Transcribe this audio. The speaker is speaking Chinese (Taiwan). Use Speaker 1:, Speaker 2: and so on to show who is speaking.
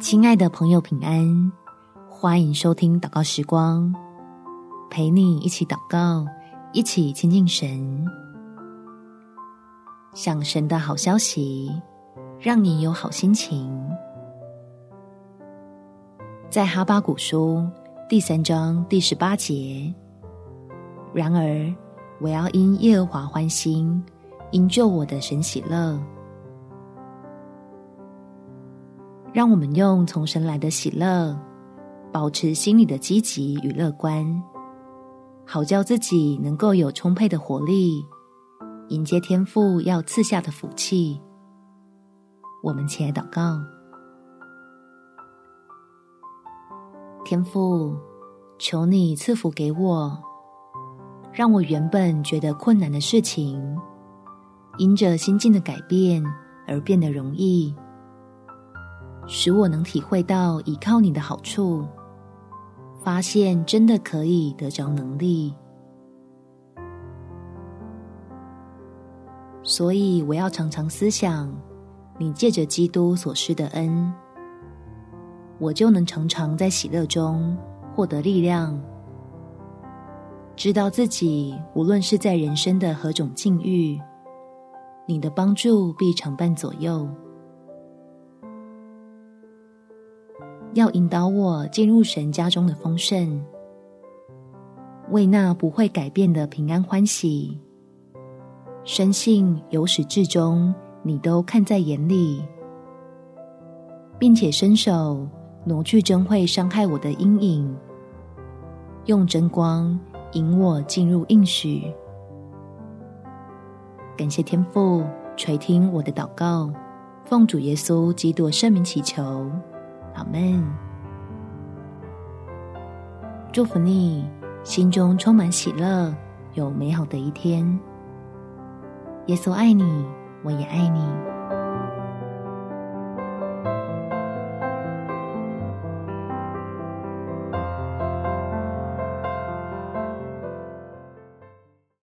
Speaker 1: 親愛的朋友，平安！歡迎收聽禱告時光，陪你一起禱告，一起親近神，想神的好消息，讓你有好心情。在哈巴谷書第三章第十八節，然而我要因耶和華歡心，因救我的神喜樂。讓我們用從神來的喜樂，保持心裡的積極與樂觀，好叫自己能夠有充沛的活力，迎接天父要賜下的福氣。我們起來禱告，天父，求你賜福給我，讓我原本覺得困難的事情，因着心境的改變而變得容易。使我能體會到依靠你的好處，發現真的可以得着能力，所以我要常常思想，你借着基督所施的恩，我就能常常在喜樂中獲得力量，知道自己無論是在人生的何種境遇，你的幫助必常伴左右。要引導我進入神家中的豐盛，為那不會改變的平安歡喜。深信由始至終，你都看在眼裡，並且伸手挪去真會傷害我的陰影，用真光引我進入應許。感謝天父垂聽我的禱告，奉主耶穌基督聖名祈求。阿門，祝福你，心中充滿喜樂，有美好的一天。耶穌愛你，我也愛你。